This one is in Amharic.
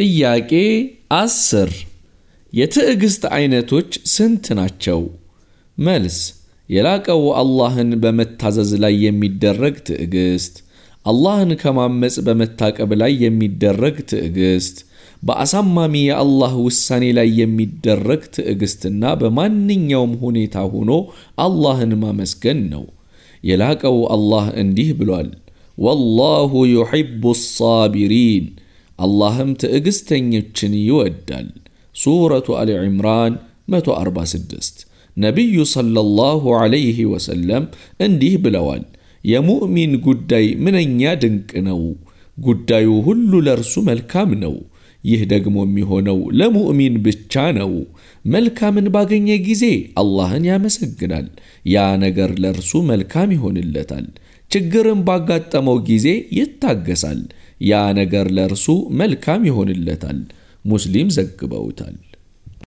ጥያቄ አስር የትዕግሥት አይነቶች ስንት ናቸው? መልስ የላቀው አላህን በመታዘዝ ላይ የሚደረግ ትዕግሥት፣ አላህን ከማመፅ በመታቀብ ላይ የሚደረግ ትዕግሥት፣ በአሳማሚ የአላህ ውሳኔ ላይ የሚደረግ ትዕግሥትና በማንኛውም ሁኔታ ሆኖ አላህን ማመስገን ነው። የላቀው አላህ እንዲህ ብሏል፣ ወላሁ ዩሒቡ አሳቢሪን اللهم تأجستني تشني يودل سورة آل عمران متو أربع سدست نبي صلى الله عليه وسلم أنديه بلوال يا مؤمن قداي من أن يدنك نو قداي هلو لرسو ملكام نو يهدق مؤمي هونو لمؤمن بچانو ملكا من باقين يجيزي اللهن يا مسجنال يا نقر لرسو ملكام هون ችግርን ባጋጠመው ጊዜ ይታገሳል። ያ ነገር ለእርሱ መልካም ይሆንለታል። ሙስሊም ዘግበውታል።